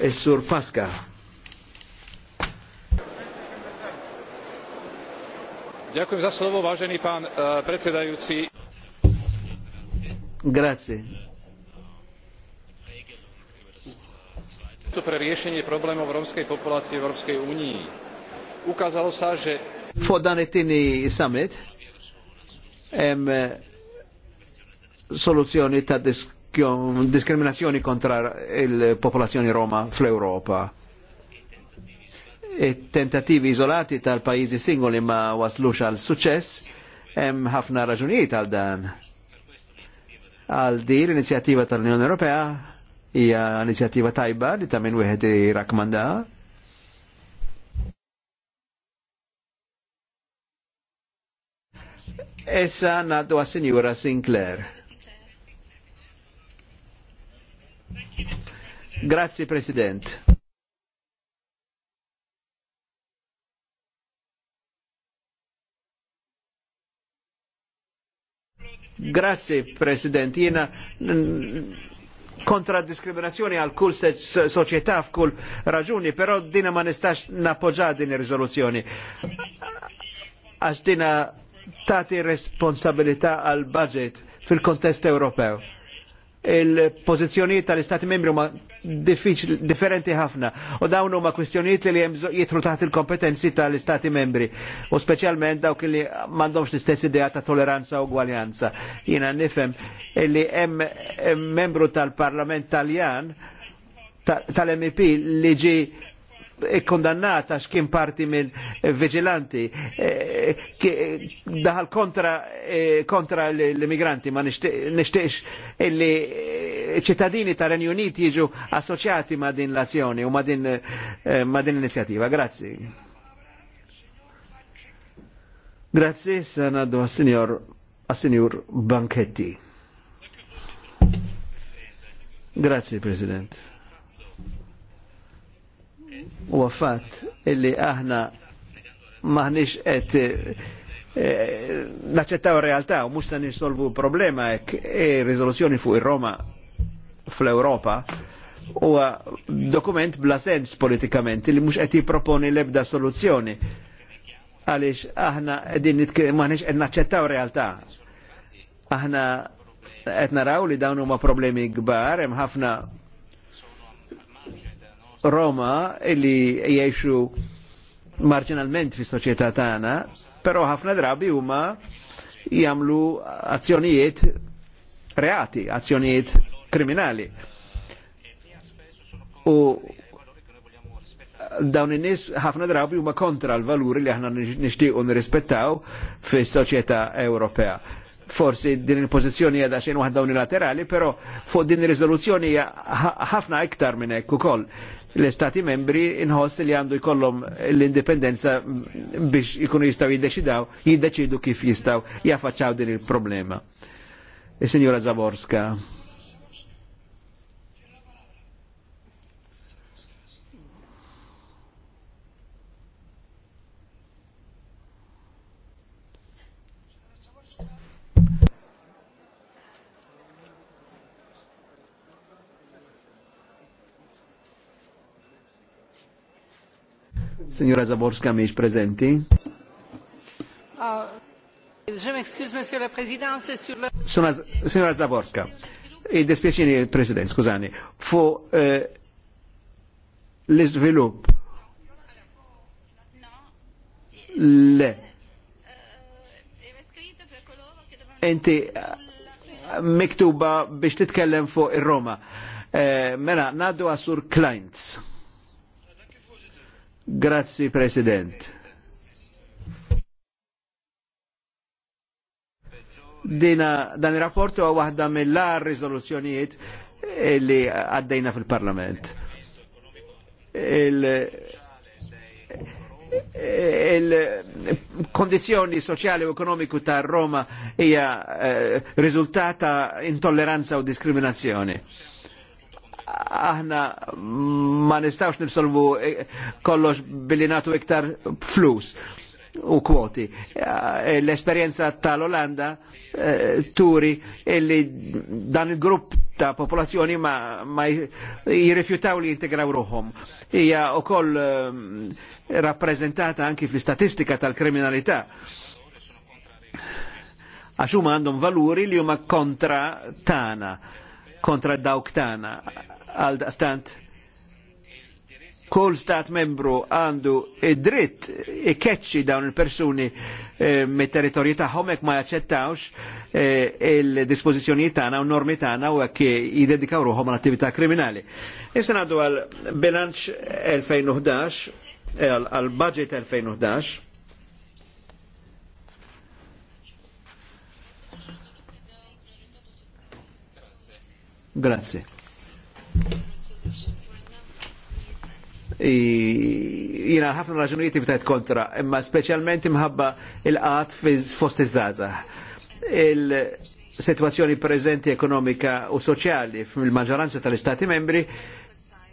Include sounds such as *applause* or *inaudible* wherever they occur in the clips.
il-Sur e Pasqa. Dziękuję za słowo, vážený pan uh, eh, predsedajúci. Grazie. pre riešenie problémov rómskej populácie v Európskej únii. Ukázalo sa, že... For dan tini summit, em, soluzzjoni ta' disk diskriminazzjoni kontra il-popolazzjoni Roma fl-Europa. E tentativi izolati tal-pajizi singoli ma waslux għal suċess, hemm ħafna raġunijiet għal dan. Għal di l-inizjattiva tal-Unjoni Ewropea hija inizjattiva tajba li ta' minn wieħed irakmanda. Essa naddu għas-Sinjura Sinclair. Grazie President. Grazie President. Jena kontra diskriminazzjoni għal kull soċjetà f'kull raġuni, però dina ma nistax nappoġġa din ir-riżoluzzjoni. Għax dina tagħti responsabilità għal budget fil-kontest Ewropew il-pożizzjonijiet tal-Istati membri huma differenti ħafna u dawn huma kwistjonijiet li hemm jitru taħt il-kompetenzi tal-Istati membri u speċjalment dawk li m'għandhomx l-istess idea ta' toleranza u gwaljanza. Jiena nifhem li hemm membru tal-Parlament Taljan tal-MEP li ġi kondannata e x'kien parti minn eh, vigilanti eh, eh, daħal kontra kontra l-immigranti ma nixtieqx illi e ċittadini ta' Renju Unit jiġu assoċjati ma' din l-azzjoni u ma' din l inizjativa Grazzi. Grazzi, sanaddu għas-senjor għas-senjur Banketti. Grazie, Presidente u għaffat illi aħna maħnix qed eh, naċċettaw realtà u mux ta' nisolvu problema jekk e riżoluzzjoni fuq ir-Roma fl europa huwa dokument bla sens politikament li mhux qed jipproponi l-ebda soluzzjoni għaliex aħna qegħdin maħniex qed naċċettaw realtà. Aħna qed naraw li dawn huma problemi kbar, ħafna Roma illi jiexu marginalment fi soċjetà tagħna, però ħafna drabi huma jagħmlu azzjonijiet reati, azzjonijiet kriminali. U dawn in-nies ħafna drabi huma kontra l-valuri li aħna nixtiequ nirrispettaw fis-soċjetà Ewropea forsi din il-pozizjoni għada xejn waħda unilaterali, pero fuq din il riżoluzzjoni ħafna iktar minn hekk ukoll l-Istati membri inħoss li għandu jkollhom l-indipendenza biex ikunu jistaw jiddeċidaw, jiddeċidu kif jistaw jaffaċċaw din il-problema. Is-Sinjora e, Zaborska. Signora Zaborska miex prezenti. Ah, signora Zaborska, id-dispieċini, President, scusani, fu eh, l-izvilup le enti miktuba biex titkellem fuq ir-Roma. Eh, mela, naddu għasur Kleinz. Grazzi, President. Dina, dan il rapportu għu għahda mill-ar riżoluzzjonijiet li għaddejna fil-Parlament. Il-kondizjoni soċjali u ekonomiku ta' Roma hija eh, rizultata intolleranza u diskriminazzjoni aħna ma nistawx nifsolvu eh, kollox billi natu iktar flus u kwoti. Eh, l-esperienza tal-Olanda eh, turi illi dan il-grupp ta' popolazzjoni ma, ma jirrifjutaw li jintegraw ruħom. u koll rappresentata anki fl-istatistika tal-kriminalità għax huma għandhom valuri li huma kontra tana, kontra dawk tana għal daqstant kull stat membru għandu id-dritt ikeċċi dawn il-persuni eh, mit territorju tagħhom hekk ma jaċċettawx eh, il-dispożizzjonijiet tagħna u normi tagħna u hekk jiddedikaw ruħhom għall attività kriminali. Issa ngħaddu għal bilanċ 2011 eh, għal budget 2011 Grazie jina ħafna raġunijiet btajt kontra, imma specialment imħabba il-qat fost iż-żaza. Il-situazzjoni prezenti ekonomika u soċjali fil-maġġoranza tal-Istati membri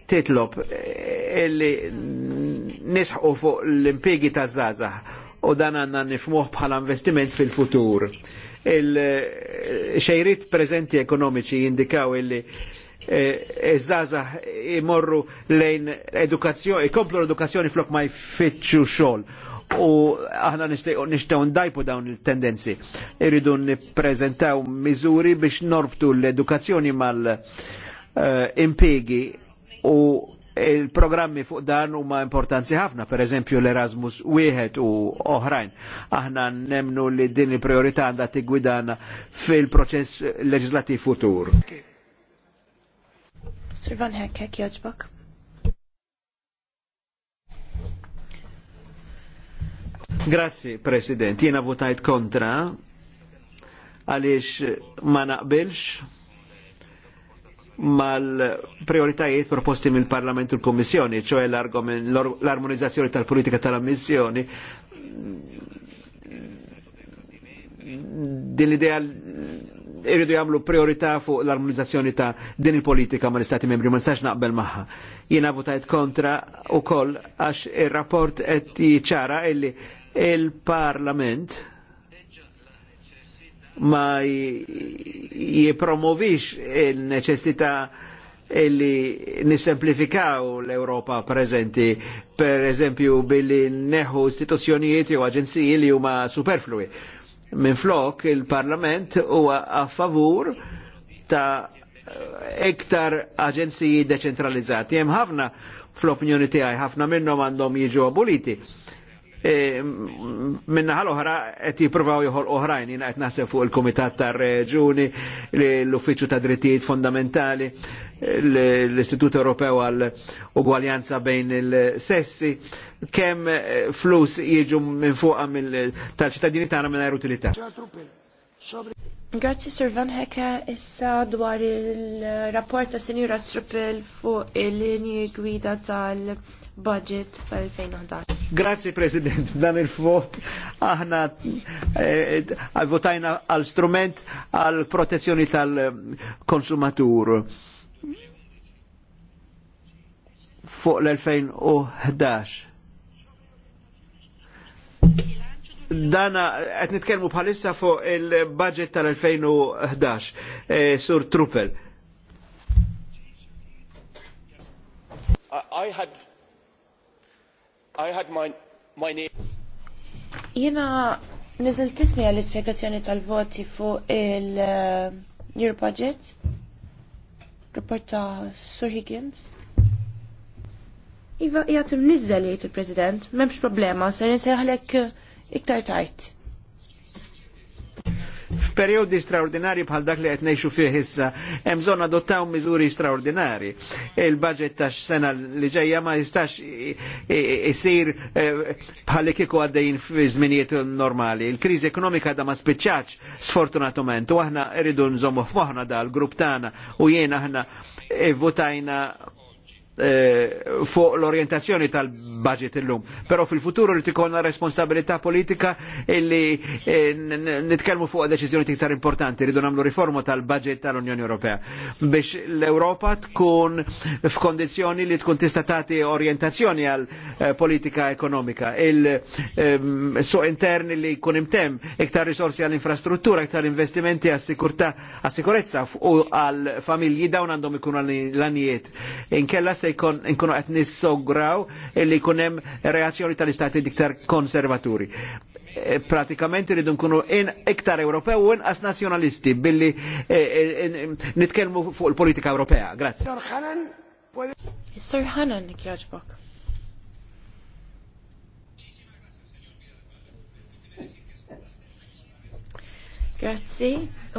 titlob eh, illi nisħu fuq l-impiegi ta' żaza u dan għanna nifmuħ bħala investiment fil-futur. Il-xejrit eh, prezenti ekonomiċi jindikaw illi iż e, imorru e e lejn edukazzjoni, ikomplu l-edukazzjoni flok ma jfittxu xogħol. U aħna nixtaw ndajpu dawn il-tendenzi. Irridu nippreżentaw miżuri biex norbtu l-edukazzjoni mal-impegi u il-programmi fuq dan huma importanti ħafna, per eżempju l-Erasmus wieħed u oħrajn. Aħna nemnu li din il-priorità għandha tigwidana fil-proċess leġislativ futur. Okay. Sir Van Hekkek joġbok. Grazzi, President. Jena votajt kontra għaliex ma naqbilx mal-prioritajiet proposti mill-Parlament u l-Kommissjoni, ċoħe l-armonizzazzjoni tal-politika tal-ammissjoni. Din l-idea irridu jagħmlu priorità fuq l-armonizzazzjoni ta' din il-politika ma' l-Istati membri, ma' nistax naqbel magħha. Jiena votajt kontra ukoll għax ir-rapport qed jiċara illi il-Parlament ma jipromovix il-neċessità illi nisemplifikaw l-Europa preżenti, per eżempju billi neħu istituzzjonijiet jew aġenziji li huma superflui. Minn flok il-Parlament huwa a favur ta' iktar aġenziji deċentralizzati. Hemm ħafna fl-opinjoni tiegħi ħafna minnhom għandhom jiġu aboliti. E, minna ħal oħra qed jippruvaw joħol oħrajn jiena qed naħseb fuq il-Kumitat tar-Reġuni, l-Uffiċċju ta' Drittijiet Fondamentali, l-Istitut Ewropew għal ugwaljanza bejn il-sessi, kem eh, flus jieġu minn fuqa tal-ċittadini tagħna mingħajr utilità. Grazzi Sir Van Hecke, issa dwar il-rapport ta' Sinjura Truppel fuq il-linji gwida tal-budget tal-2011. Grazzi President, *laughs* dan il-vot aħna eh, votajna għal strument għal protezzjoni tal-konsumatur fuq l-2011. Dana, għet nitkelmu bħalissa fuq il-budget tal-2011, e, sur Truppel. I had, I had my, my name. Jena nizil tismi għall-ispiegazzjoni tal-voti fuq il-year uh, budget, report ta' Sir Higgins. Iva, jgħatim imnizzel jgħat il-President, memx problema, ser nseħlek eh, iktar tajt. F'periodi straordinari bħal dak li qed ngħixu fih issa, hemm bżonn adottaw miżuri straordinari. Il-budget tax sena li ġejja ma jistax isir eh, bħal kieku għaddejjin f'żminijiet normali. Il-kriżi ekonomika da ma spiċċax sfortunatament u aħna rridu nżommu f'moħħna dal grupp tagħna u jiena aħna votajna Eh, fuq l-orientazzjoni tal-budget illum. Però fil-futuru li tikonna responsabilità politika illi eh, nitkellmu fuq deċiżjoni iktar importanti, ridu nagħmlu riforma tal-budget tal-Unjoni Ewropea biex l-Ewropa tkun f'kondizzjoni li tkun tista' tagħti orientazzjoni għal eh, politika ekonomika. Il-suq ehm, intern li jkun imtem iktar risorsi għall infrastruttura iktar investimenti għas-sikurezza u għal familji dawn għandhom ikunu l-anijiet. Inkella se jkun inkunu qed nissograw illi jkun hemm reazzjoni tal-istati diktar konservaturi. E, pratikament iridu nkunu iktar Ewropew u inqas nazzjonalisti billi e, e, nitkellmu fuq il-politika Ewropea. Grazzi. Sir Hanan jogħġbok. Grazzi,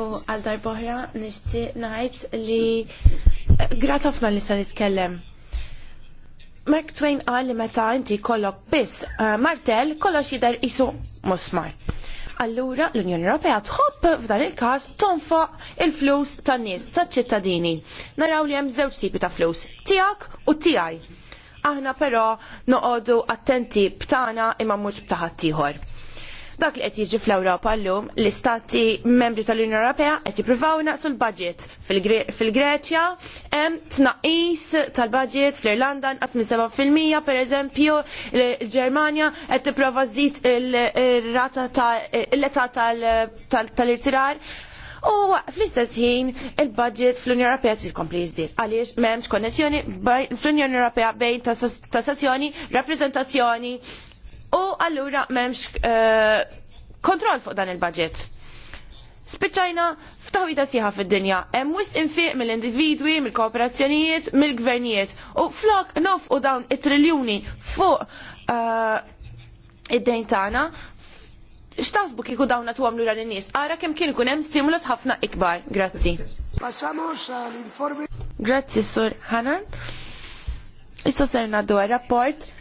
u għal darbohra nishti naħajt li grazzi ħafna li sa nitkellem. Mark Twain qal li meta inti kollok biss eh, martell kollox jidher isu musmar. Allura l-Unjoni Ewropea tħobb f'dan il-każ tonfoq il-flus tan-nies taċ-ċittadini. Naraw li hemm żewġ tipi ta' flus, tiegħek u tiegħi. Aħna però noqogħdu attenti b'tagħna imma mhux b'taħat ieħor. Dak li qed jiġi fl-Ewropa llum l-istati membri tal-Unjoni Ewropea qed jippruvaw naqsu l-budget fil-Greċja hemm tnaqqis tal-budget fl-Irlanda nqas minn 7% pereżempju l-Ġermanja qed tipprova żid il-rata l-età tal-irtirar. U fl-istess ħin il-budget fl-Unjoni Ewropea jkompli jiżdied għaliex m'hemmx konnessjoni fl-Unjoni Ewropea bejn tassazzjoni, rappreżentazzjoni u allura m'hemmx eh, kontroll fuq dan il-budget. Spiċċajna ta' sieħa fid-dinja, hemm wis infiq mill-individwi, mill-kooperazzjonijiet, mill-gvernijiet u flok nof u dawn it-triljuni fuq eh, id-dejn tagħna X'tasbu kieku dawn għatu għamlu l nies Ara kemm kien ikun hemm stimulus ħafna ikbar. Grazzi. Grazzi, Sur Hanan. Issa ser dwar rapport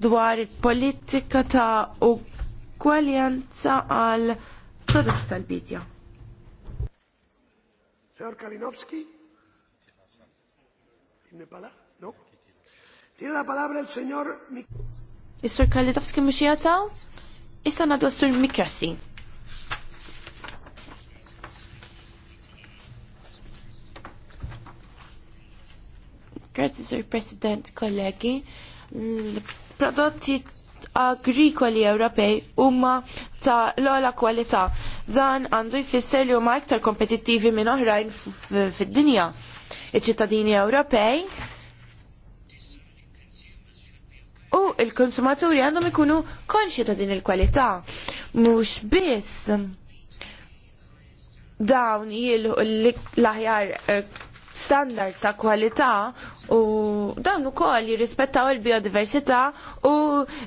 dwar il-politika ta' ugwaljanza għal prodotti tal-bidja. Sor Kalinowski? No? Tiene la palabra il signor Mik... Is-Sur Kalinowski mhux Issa nagħdu s-Sur Mikrasi. Grazie, Sir President, kollegi prodotti agrikoli Ewropej huma ta' l-ola kwalità. Dan għandu jfisser li huma iktar kompetittivi minn oħrajn fid-dinja. Iċ-ċittadini Ewropej u il-konsumaturi għandhom ikunu konxi ta' din il-kwalità. Mhux biss dawn jilħu l-aħjar eh, standard ta' kwalità u dawn ukoll jirrispettaw il-biodiversità u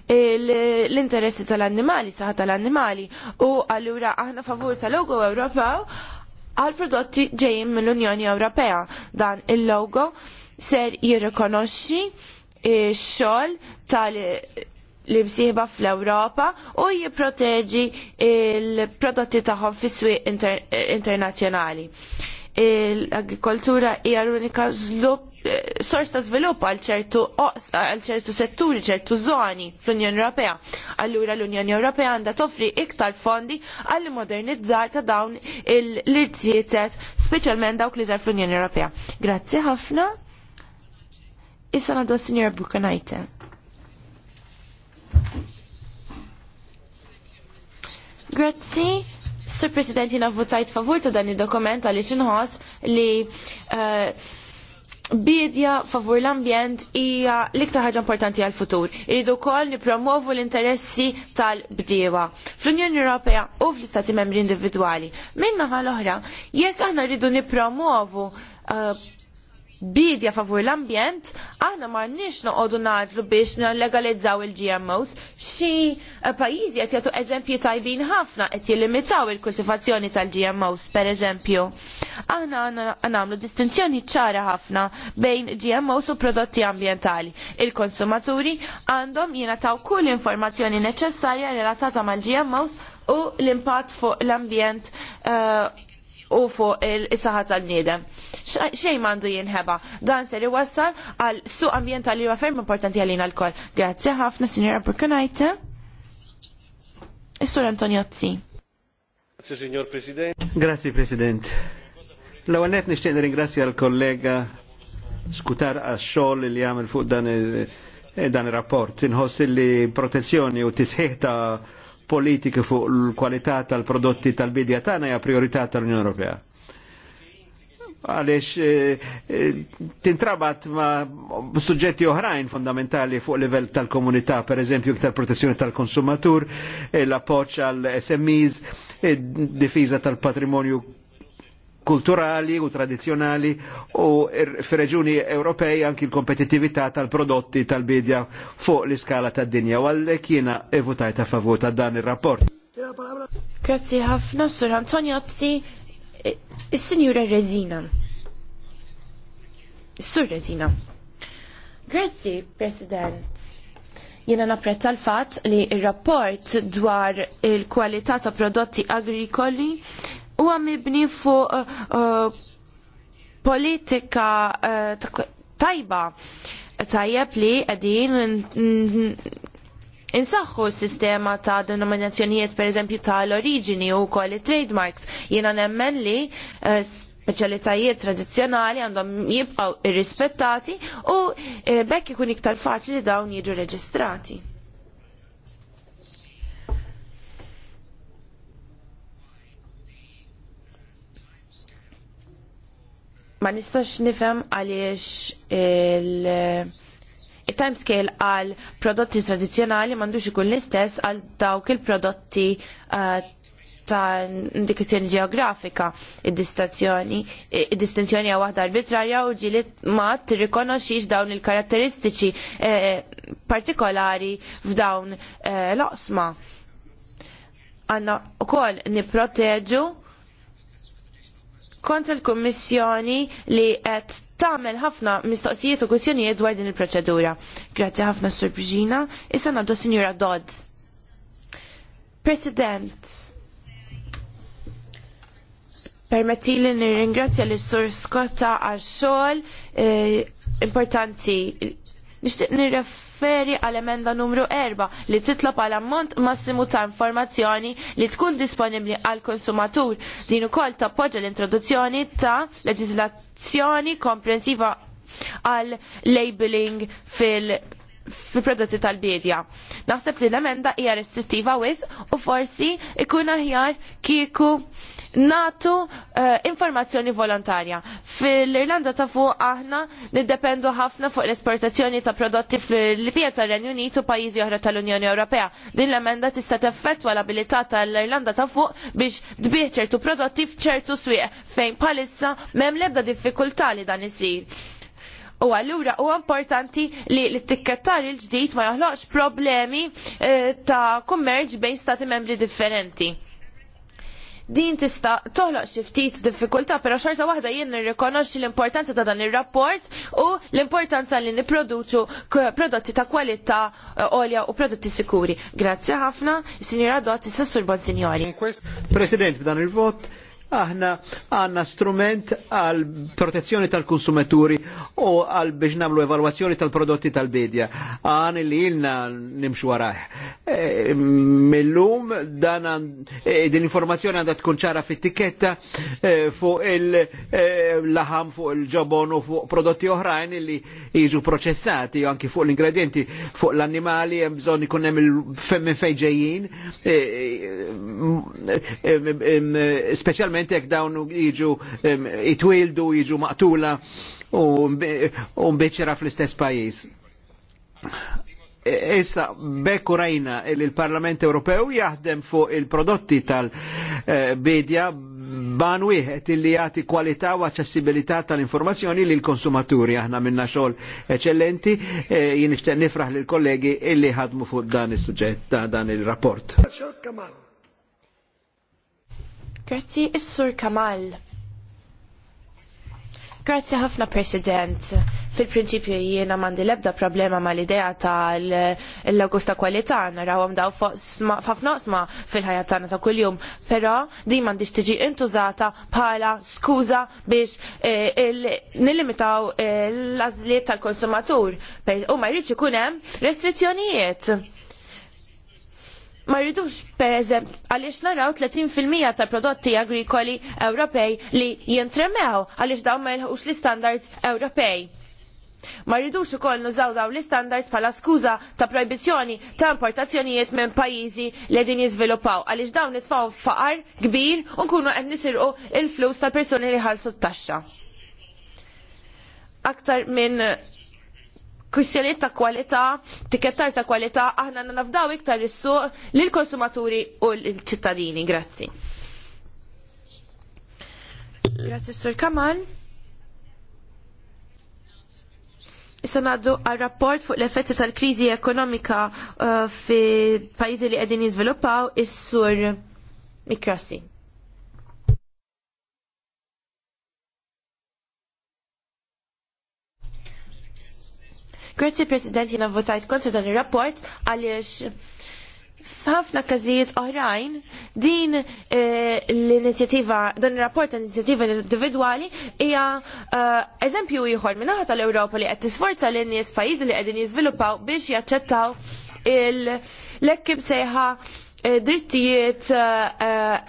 l-interessi tal-annimali, saħħa tal-annimali. U allura aħna favur tal-logo Ewropew għal prodotti ġejjin mill-Unjoni Ewropea. Dan il-logo ser jirrikonoxxi x-xogħol tal li msiħba fl-Europa u jipproteġi il-prodotti tagħhom fis-swieq internazzjonali. L-agrikoltura hija l-unika żlupp sors ta' svilupp għal ċertu għal ċertu setturi, ċertu zoni fl-Unjoni Ewropea. Allura l-Unjoni Ewropea għandha toffri iktar fondi għall modernizzar ta' dawn l-irtietet, speċjalment dawk li żar fl-Unjoni Ewropea. Grazzi ħafna. Issa għandu s-Sinjor Bukanajte. Grazzi. Sir President, jina votajt favur ta' dan il-dokument għaliex inħoss li uh, bidja favur l-ambjent hija l-iktar ħaġa importanti għal futur Irridu wkoll nippromovu l-interessi tal-bdiewa fl-Unjoni Ewropea u fl-Istati Membri individwali. Min naħa l-oħra, jekk aħna rridu nippromovu uh, bidja favur l-ambjent, aħna ma nix noqogħdu naħdlu biex legalizzaw il-GMOs. Xi eh, pajjiżi qed jagħtu eżempji tajbin ħafna qed jilimitaw il-kultivazzjoni tal-GMOs, pereżempju. Aħna nagħmlu distinzjoni ċara ħafna bejn GMOs u prodotti ambjentali. Il-konsumaturi għandhom jingħataw kull informazzjoni neċessarja relatata mal-GMOs u l-impatt fuq l-ambjent uh, u fuq il-saħħa tal-bniedem. Xejn mandu jinħeba. Dan ser wassal għal suq ambientali huwa ferm importanti għalina l koll Grazie ħafna, signora Burkunajta. Is-Sur Antoniozzi. Grazie, Signor President. Grazie, President. L-ewwel qed nixtieq ringrazzja l-kollega Skutar għax-xogħol li għamil fuq dan il eh, rapport Inħoss li protezzjoni u tisħiħ ta' politiki fuq l-kwalità tal-prodotti tal-bidja tagħna hija priorità tal-Unjoni Ewropea Għaliex eh, eh, tintrabat ma suġġetti oħrajn fondamentali fuq livell tal-komunità, per eżempju iktar protezzjoni tal-konsumatur, eh, l-appoċ għal SMEs, difiża tal-patrimonju kulturali u tradizjonali u er, fir-reġuni Ewropej anki l-kompetittività tal-prodotti tal-bidja fuq l-iskala tad-dinja u għallek jiena evutajta favur ta' dan ir-rapport. Grazzi ħafna Sur Antoniozzi, e, il-Signora Rezina. Sur Rezina. Grazzi, President jena napprezza l-fat li il-rapport dwar il-kwalità ta' prodotti agrikoli huwa mibni fuq eh, eh, politika eh, tajba tajjeb li qegħdin Insaħħu s-sistema ta' denominazzjonijiet per eżempju tal-oriġini u koll trademarks jiena nemmen li speċjalitajiet tradizzjonali għandhom jibqgħu irrispettati u bekk ikun iktar faċli dawn jiġu reġistrati. ma nistax nifhem għaliex il- il-timescale għal prodotti tradizjonali mandux ikun l-istess għal dawk il-prodotti uh, ta' indikazzjoni ġeografika id-distinzjoni id-distinzjoni għaw waħda arbitrarja u ġili ma tirrikonoxix dawn il-karatteristiċi eh, eh, partikolari f'dawn eh, l-osma. Għanna u koll niproteġu kontra l-Kummissjoni li qed tagħmel ħafna mistoqsijiet u kwistjonijiet dwar din il-proċedura. Grazzi ħafna Sur issa nagħdu Sinjura Dodds. President, permetti li nirringrazzja l sur Scotta għax xogħol eh, importanti Nixtieq nirreferi għal emenda numru 4 li titlob għal ammont massimu ta' informazzjoni li tkun disponibbli għal konsumatur din ukoll tappoġġa l-introduzzjoni ta' leġislazzjoni komprensiva għal labeling fil- fi prodotti tal-bidja. Naħseb li l-emenda hija restrittiva wis u forsi ikun aħjar kieku natu uh, informazzjoni volontarja. Fil-Irlanda ta' fuq aħna niddependu ħafna fuq l-esportazzjoni ta' prodotti fil-Libija tal renju Unitu u pajjiżi oħra tal-Unjoni Ewropea. Din l-emenda tista' teffettwa l-abilità tal-Irlanda ta' fuq biex dbieħ ċertu prodotti f'ċertu swieq fejn palissa m'hemm l-ebda diffikultà li dan isir U allura huwa importanti li l-tikketar il-ġdid ma joħloqx problemi eh, ta' kummerġ bejn stati membri differenti. Din tista' toħloq xi ftit diffikultà, però xorta waħda jien nirrikonoxxi l-importanza ta' dan ir-rapport u l-importanza li nipproduċu prodotti ta' kwalità eh, olja u prodotti sikuri. Grazzi ħafna, Signora Dotti, sessur Bonsignori. President, b'dan il-vot aħna għanna strument għal protezzjoni tal-konsumaturi u għal biex namlu evalwazzjoni tal-prodotti tal-bidja. Għan li jilna nimxu għarajħ. E, Millum dan e, din informazzjoni għandha tkun ċara fit-tiketta e, fuq il-laħam, e, fuq il-ġobon u fuq prodotti oħrajn li jiġu proċessati u anki fuq l-ingredienti fuq l animali hemm bżonn ikun hemm il-femmin fejn ġejjin, ovvjament jekk dawn iġu itwildu, iġu maqtula u mbeċera fl-istess pajis. E, issa bekku rajna il parlament Ewropew jaħdem fuq il-prodotti tal bedja ban wieħed illi jagħti kwalità u aċċessibilità tal-informazzjoni lil konsumaturi aħna minna xogħol eċellenti e, jien nixtieq nifraħ lill kollegi illi ħadmu fuq dan is-suġġett ta' dan il-rapport. Grazzi, Is-Sur Kamal. Grazzi ħafna President. Fil-prinċipju jiena mandi lebda problema ma l-idea tal-Augusta kwalità narawhom daw f'ħafna fil-ħajja tagħna ta' kuljum, però din m'għandix tiġi intużata bħala skuża biex eh, nillimitaw eh, l azliet tal-konsumatur. U ma jridx ikun hemm restrizzjonijiet ma rridux pereżemp għaliex naraw 30% ta' prodotti agrikoli Ewropej li jintremew għaliex dawn ma jilħqux l-istandards Ewropej. Ma rridux ukoll nużaw dawn l-istandards bħala skuża ta' projbizzjoni ta' importazzjonijiet minn pajjiżi li din jiżviluppaw għaliex dawn nitfgħu faqar kbir u nkunu qed nisirqu il-flus tal-persuni li ħalsu t-taxxa. Aktar minn kwistjoniet ta' kwalità, tikettar ta' kwalità, aħna nafdaw iktar is-suq lill konsumaturi u l-ċittadini. Grazzi. Grazzi, Sur Kamal. Issa naddu għal rapport fuq l-effetti tal-kriżi ekonomika uh, fi pajjiżi li qegħdin jiżviluppaw is-sur Mikrasi. Grazie President jina votajt kontra dan il-rapport għaliex f'ħafna każijiet oħrajn din eh, l-inizjattiva, dan il-rapport ta' inizjattiva individwali hija eh, eżempju ieħor minnaħa tal-Ewropa li qed tisforza lin nies pajjiżi li qegħdin jiżviluppaw biex jaċċettaw l ekkib sejħa eh, drittijiet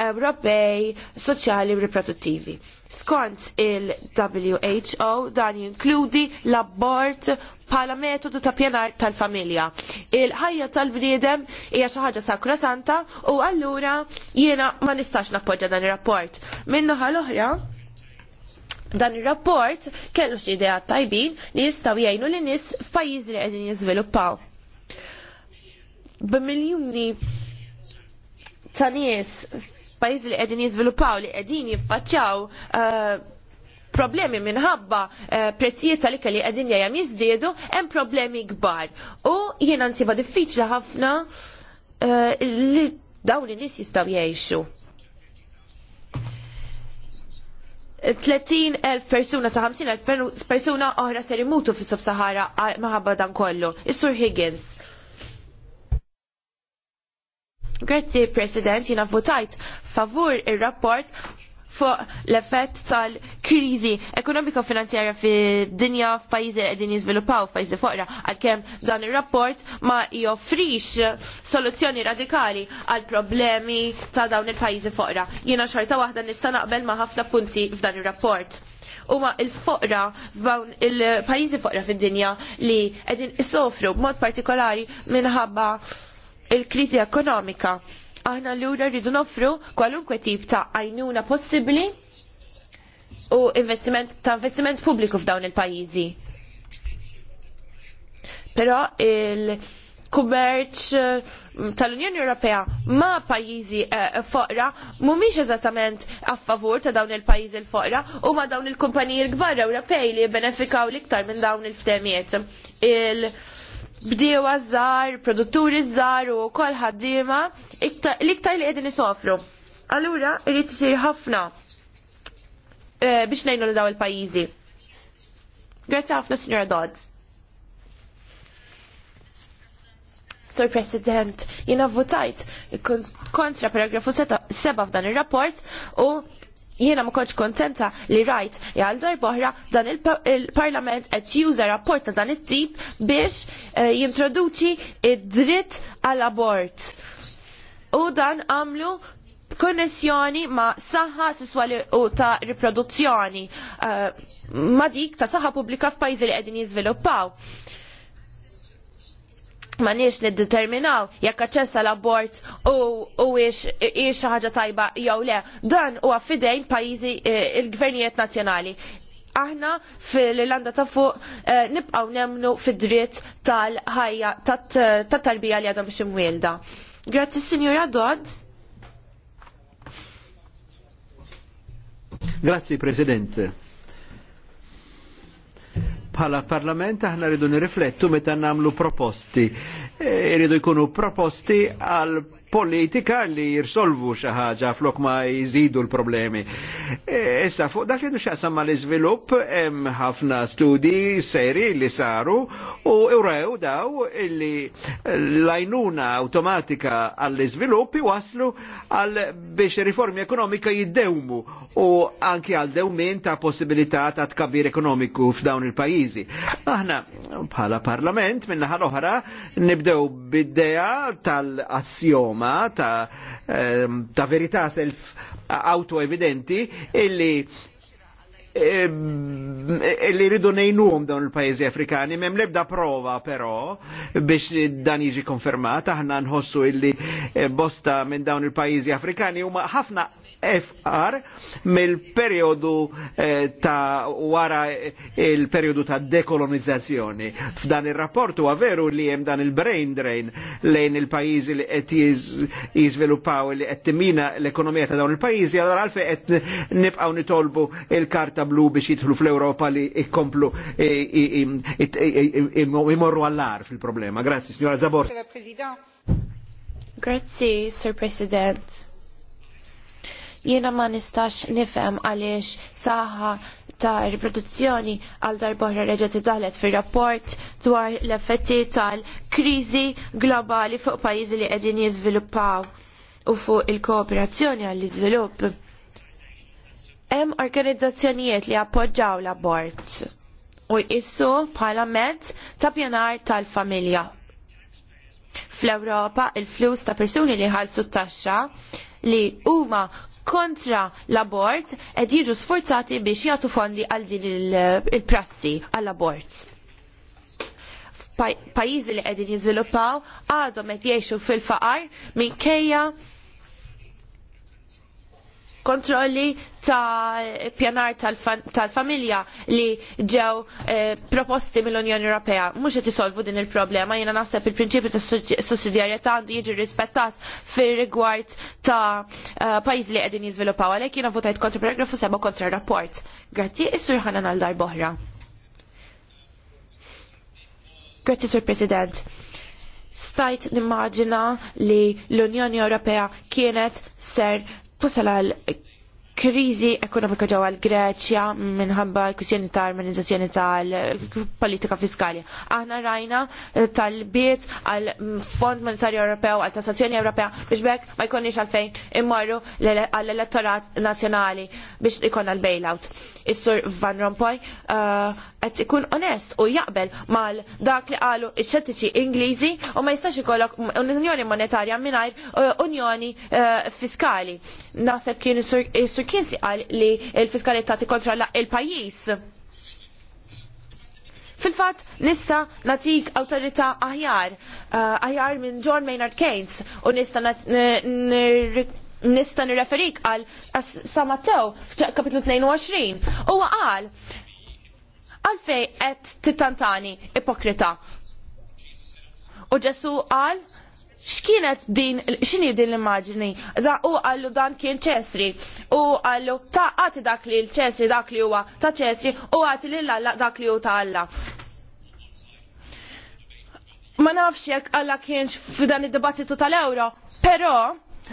Ewropej soċjali u riproduttivi. Skont il-WHO dan jinkludi l abort bħala metodu ta' pjanar tal-familja. Il-ħajja tal-bniedem hija xi ħaġa sakrosanta u allura jiena ma nistax nappoġġa dan ir-rapport. Min-naħa l-oħra, dan ir-rapport kellu xi idea tajbin li jistgħu jgħinu lin nies f'pajjiżi li qegħdin jiżviluppaw. B'miljuni ta' nies pajjiżi li qegħdin jiżviluppaw li qegħdin jiffaċċjaw eh, problemi minħabba eh, prezzijiet tal-ikel li qegħdin jajam jiżdiedu hemm problemi kbar. U jiena nsiba diffiċli ħafna eh, li dawn in-nies jistgħu jgħixu. 30.000 persuna sa 50.000 persuna oħra ser imutu fis sahara maħabba dan kollu. Is-Sur Higgins. Grazzi, President, jina votajt favur il-rapport fuq l-effett tal-krizi ekonomika finanzjarja fi dinja f'pajjiżi li qegħdin jiżviluppaw f'pajjiżi foqra għalkemm dan ir-rapport ma joffrix soluzzjoni radikali għal problemi ta' dawn il-pajjiżi foqra. Jiena xorta waħda nista' naqbel ma' ħafna punti f'dan ir-rapport. Huma l-foqra f'dawn il-pajjiżi foqra fid-dinja li qegħdin isofru b'mod partikolari minħabba il-kriżi ekonomika. Aħna l-ura rridu nofru kwalunkwe tip ta' għajnuna possibbli u investiment, ta' investiment pubbliku f'dawn il-pajjiżi. Però il-kummerċ mm, tal-Unjoni Ewropea ma' pajjiżi eh, foqra mhumiex eżattament a favur ta' dawn il-pajjiżi l-foqra u ma' dawn il-kumpaniji l-kbar Ewropej li jibbenefikaw l-iktar minn dawn il-ftemiet. il ftemiet il bdiewa żgħar, produtturi żgħar u wkoll ħaddiema l-iktar li qegħdin nisofru. Allura rrit isir ħafna eh, biex ngħinu l daw il-pajjiżi. Grazzi ħafna, Signora Dodd. Sir President, jina votajt kontra paragrafu 7 f'dan il-rapport u jiena ma kontx kontenta li rajt għal darbohra dan il-parlament qed juża rapport ta' dan it-tip biex eh, jintroduċi id-dritt għal abort. U dan għamlu konnessjoni ma' saħħa sesswali u ta' riproduzzjoni eh, ma' dik ta' saħħa pubblika f'pajjiżi li qegħdin jiżviluppaw ma nix niddeterminaw jekk aċċess l abort u ix xi ħaġa tajba jew le. Dan huwa fidejn pajjiżi eh, il-gvernijiet nazzjonali. Aħna fil-Irlanda ta' fuq eh, nibqgħu nemnu fid-dritt tal-ħajja tat-tarbija eh, li għadhom biex imwielda. Grazzi Sinjura Dodd. Grazzi President bħala parlament aħna rridu nirriflettu meta nagħmlu proposti. E, rridu jkunu proposti għal politika li jirsolvu xi ħaġa flok ma jżidu l-problemi. E, issa fuq dak li xaqsam ma l-iżvilupp hemm ħafna studi seri li saru u ewrew daw li l-għajnuna automatika għall-iżvilupp waslu għal biex riformi ekonomika jiddewmu u anki għal dewmin ta' possibilità ta' tkabbir ekonomiku f'dawn il-pajjiżi. Aħna bħala parlament minna ħal oħra nibdew bid deja tal assjom huma ta', ehm, ta verità self auto-evidenti illi Ehm, li rridu nejnum dawn il-pajizi afrikani, mem lebda prova però biex dan jiġi konfermat, aħna nħossu illi eh, bosta minn dawn il-pajizi afrikani huma ħafna FR mill-periodu eh, ta' wara eh, il-periodu ta' dekolonizzazzjoni. F'dan il-rapport għaveru li hemm dan il-brain drain lejn il-pajizi li qed jiżviluppaw li qed timina l-ekonomija ta' dawn il-pajizi, allora għalfejn qed nibqgħu nitolbu il-karta jattablu biex jitħlu fl-Europa li ikkomplu imorru għallar fil-problema. Grazzi, signora Zabor. Grazzi, Sir President. Jiena ma nistax nifhem għaliex saħħa ta' riproduzzjoni għal darbohra reġa t-dalet fir rapport dwar l-effetti tal-krizi globali fuq pajjiżi li qegħdin jiżviluppaw u fuq il-kooperazzjoni għall-iżvilupp. Hemm organizzazzjonijiet li appoġġaw l-abort u jqissu bħala mezz ta' pjanar tal-familja. Fl-Ewropa il-flus ta' persuni li ħalsu taxxa li huma kontra l-abort ed jiġu sforzati biex jagħtu fondi għal din il-prassi għall-abort. Pajjiżi li qegħdin jiżviluppaw għadhom qed jgħixu fil-faqar minkejja kontrolli ta' pjanar tal-familja li ġew eh, proposti mill-Unjoni Ewropea. Mhux qed isolvu din il-problema, jiena naħseb il-prinċipju ta' sussidjarjetà għandu jiġi rispettat fir-rigward ta' eh, pajjiżi li qegħdin jiżviluppaw għalhekk jiena votajt kontra paragrafu seba' kontra rapport. Grazzi is-sur ħanan għal boħra. Grazzi sur President stajt nimmaġina li l-Unjoni Ewropea kienet ser Tusal kriżi ekonomika ġewwa l-Greċja minħabba l-kwistjoni ta' armonizzazzjoni tal-politika fiskali. Aħna rajna tal-biet għal Fond Monetarju Ewropew għal tassazzjoni Ewropea biex bekk ma jkunniex għalfejn immorru għall elettorat nazzjonali biex ikun għal bailout. Is-sur Van Rompuy uh, qed ikun onest u jaqbel mal dak li qalu x-xettiċi Ingliżi u ma jistax ikollok unjoni monetarja mingħajr uh, unjoni uh, fiskali. Naħseb kien is-sur Kien għal li il fiskalità tikkontrolla il-pajjiż. Fil-fatt nista natik awtorità aħjar, eh, aħjar minn John Maynard Keynes u nista nista nirreferik għal Samattew kapitlu 22. Huwa qal għalfej qed titantani ipokrita. U Ġesu qal x'kienet din x'inhi din l-immaġni. U għallu dan kien ċesri u għallu ta' għati dak li l-ċesri dak li huwa ta' ċesri u għati li l-alla dak li hu ta' alla. Ma nafx jekk alla kienx f'dan id-dibattitu tal-ewro, però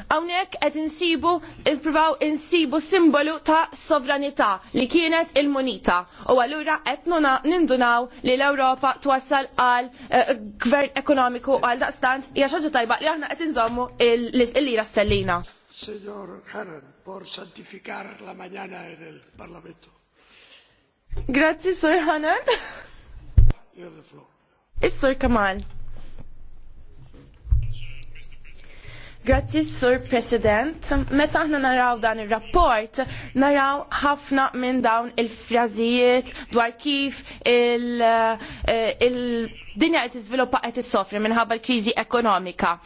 Hawnhekk qed insibu ippruvaw insibu simbolu ta' sovranità li kienet il-munita u allura qed nindunaw li l-Ewropa twassal għal eh, gvern ekonomiku għal daqstant hija tajba li aħna qed nżommu il lira stellina. Signor Karen, por santifikar la mañana en Parlamento. Grazzi, Sur Hanan. is Sir Kamal. Grazzi, Sur President. Meta aħna naraw dan ir-rapport, naraw ħafna minn dawn il-frażijiet dwar kif eh, il-dinja il qed tiżviluppa qed issofri minħabba l-kriżi ekonomika.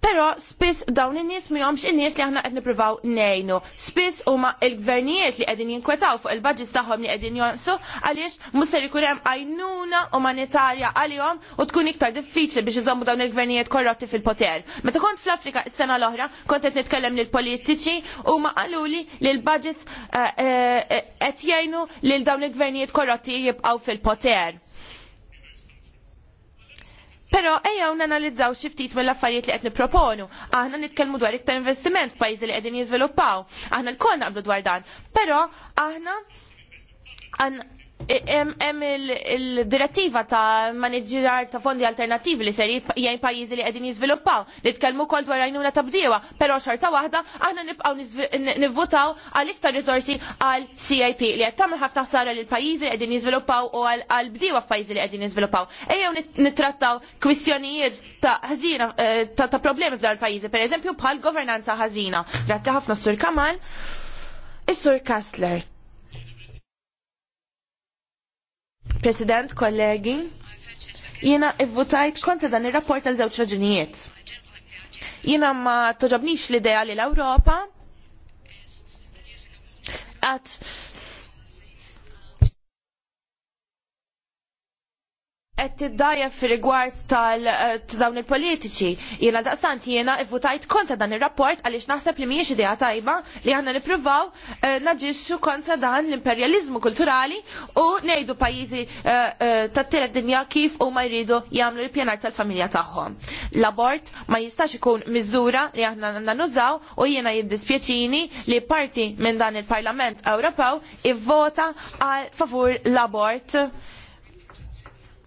Pero spiss dawn in-nies mihomx in-nies li aħna qed nippruvaw ngħinu. Spiss huma l-gvernijiet li qegħdin jinkwetaw fuq il-budgets tagħhom li qegħdin jonqsu għaliex mhux se ikun hemm għajnuna umanitarja għalihom u tkun iktar diffiċli biex iżommu dawn il-gvernijiet korrotti fil-poter. Meta kont fl-Afrika s-sena l-oħra kont qed nitkellem lill politiċi huma qaluli li l-budgets eh, eh, eh, qed jgħinu lil dawn il-gvernijiet korrotti jibqgħu fil-poter Pero ejja nanalizzaw xi ftit mill-affarijiet li qed nipproponu. Aħna nitkellmu dwar iktar investiment f'pajjiżi li qegħdin jiżviluppaw. Aħna l-kol naqblu dwar dan. Però aħna Hemm il-direttiva ta' maniġġjar ta' fondi alternattivi li ser jgħin pajjiżi li qegħdin jiżviluppaw li tkellmu wkoll dwar għajnuna ta' bdiewa, però xorta waħda aħna nibqgħu nivvutaw għal iktar riżorsi għal CIP li qed tagħmel ħafna ħsara lil pajjiżi li qegħdin jiżviluppaw u għal bdiewa f'pajjiżi li qegħdin jiżviluppaw. Ejjew nittrattaw kwistjonijiet ta' ħażina eh, ta' problemi il pajjiżi, pereżempju bħal governanza ħażina. Grazzi ħafna Sur Kamal. Is-Sur Kastler. President, kollegi, jiena ivvutajt kontra dan ir-rapport għal żewġ raġunijiet. Jiena ma toġobnix l-idea li l-Ewropa għat qed tiddaja fir-rigward tal eh, dawn il-politiċi. Jiena daqsant jiena votajt kontra dan ir-rapport għaliex naħseb li mhijiex idea tajba li għandna nippruvaw eh, naġixxu kontra dan l-imperjaliżmu kulturali u ngħidu pajjiżi eh, tat-tielet dinja kif huma jridu jagħmlu l-pjanar tal-familja tagħhom. L-abort ma jistax ikun miżura li aħna nużaw u jiena jiddispjaċini li parti minn dan il-Parlament Ewropew ivvota għal favur l-abort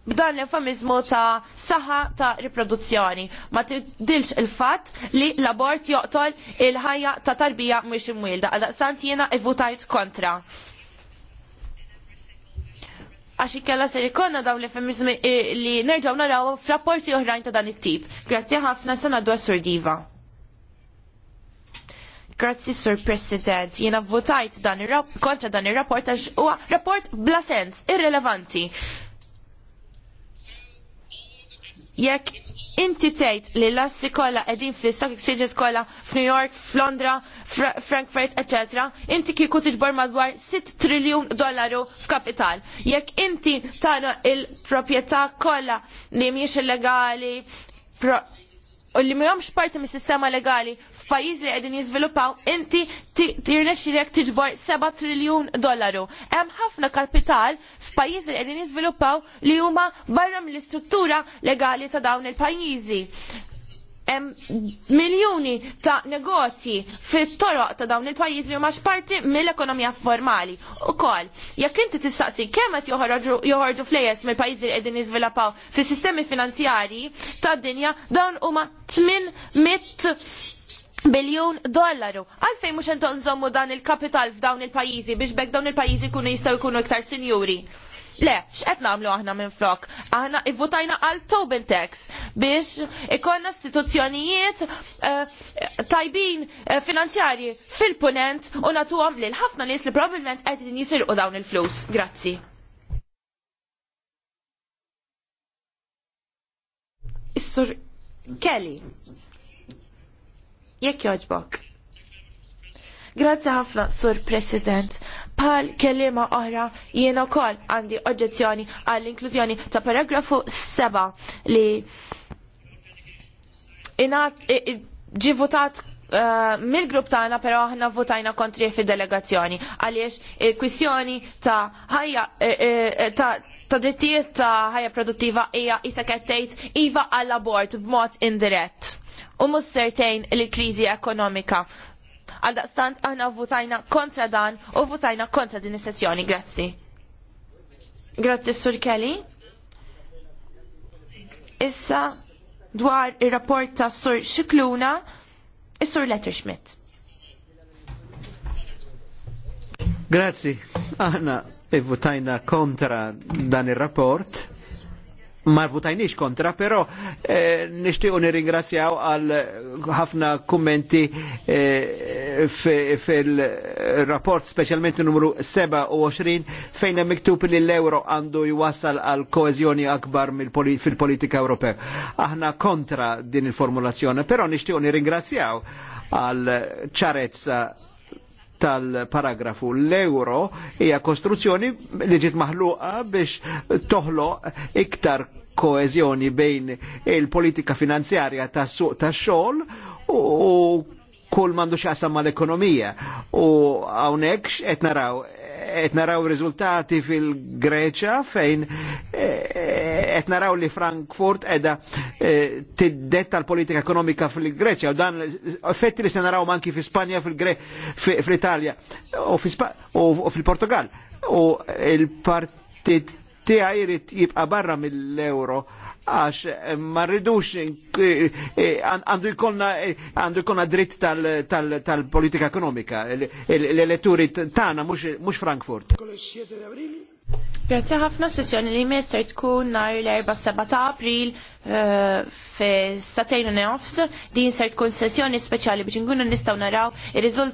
b'dan l-infamizmu ta' saħa ta' riproduzzjoni. Ma tidilx il-fat li l-abort joqtol il-ħajja ta' tarbija mhux imwielda. Għaldaqstant jiena ivvutajt kontra. Għax ikkella ser ikonna dawn l-infamizmi eh, li nerġgħu naraw f'rapporti oħrajn ta' dan it-tip. Grazzi ħafna sena d surdiva. Grazzi Sur President, Jiena votajt kontra dan ir rapport għax huwa rapport bla sens, irrelevanti jekk inti tgħid li l-assi kollha qegħdin fl-stock exchanges kollha f'New York, f'Londra, Frankfurt, etc., inti kieku tiġbor madwar 6 triljun dollaru f'kapital. Jekk inti tara il-proprjetà kollha li mhijiex illegali, u li mhomx parti mis-sistema legali Pajjiżi li qegħdin jiżviluppaw inti tirnexxirek tiġbor 7 triljun dollaru. Hemm ħafna kapital f'pajjiżi li qegħdin jiżviluppaw li huma barra mill-istruttura legali ta' dawn il-pajjiżi hemm miljuni ta' negozji fit-toroq ta' dawn il-pajjiż li huma parti mill-ekonomija formali. Ukoll, jekk inti tistaqsi kemm qed joħorġu flejers mill-pajjiżi li qegħdin jiżviluppaw fis-sistemi finanzjarji tad-dinja dawn huma 800 biljun dollaru. Għalfejn mhux intom nżommu dan il-kapital f'dawn il-pajjiżi biex bek dawn il-pajjiżi jkunu jistgħu jkunu iktar sinjuri. Le, x'qed nagħmlu aħna minn flok? Aħna ivvutajna għal Tobin Tax biex ikonna istituzzjonijiet eh, tajbin eh, finanzjarji fil-punent u nagħtuhom lil ħafna nies li probabbilment qed jisirqu dawn il-flus. Grazzi. Is-sur Kelly jekk joġbok. Grazzi ħafna, Sur President. Pal kelima oħra jien ukoll għandi oġġezzjoni għall-inklużjoni ta' paragrafu 7 li ġi votat uh, mill-grupp tagħna però aħna votajna kontri fid-delegazzjoni għaliex il-kwissjoni ta' ħajja eh, eh, ta' ta' drittijiet ta' ħajja produttiva hija qed tgħid iva għall-abort b'mod indirett u mhux sertejn li kriżi ekonomika. Għaldaqstant aħna votajna kontra dan u votajna kontra din is-sezzjoni. Grazzi. Grazzi Sur Kelly. Issa dwar ir-rapport ta' Sur Xikluna is-Sur Letter Schmidt. Grazzi. Aħna votajna kontra dan ir-rapport ma kontra, pero eh, nishtiqu nirringrazzjaw għal ħafna kummenti eh, fil-rapport, specialment numru 27, fejn hemm miktub li l-euro għandu jwassal għal koezjoni akbar fil-politika Ewropea. Aħna kontra din il-formulazzjoni, però nishtiqu nirringrazzjaw għal ċarezza tal-paragrafu l-euro hija kostruzzjoni li ġiet maħluqa biex toħloq iktar koeżjoni bejn il-politika finanzjarja tas-suq tax-xogħol u kull mandu xaqsam mal-ekonomija. U hawnhekk qed naraw qed naraw riżultati fil greċja fejn qed naraw li Frankfurt qiegħda eh, tiddetta l-politika ekonomika fil-Greċja u dan effetti li se naraw anki fi Spanja fil-Italja u fil-Portugal. U il-partit tiegħi jrid jibqa' barra mill-euro għax eh, ma rridux eh, għandu jkollna dritt tal-politika ekonomika l-elettori tagħna mhux Frankfurt. Grazie ħafna sessjoni li mister tkun nar l-4 ta' april eh, fi Saturn Nofs. Din ser tkun sessjoni speċjali biex nkunu nistgħu naraw il riżultat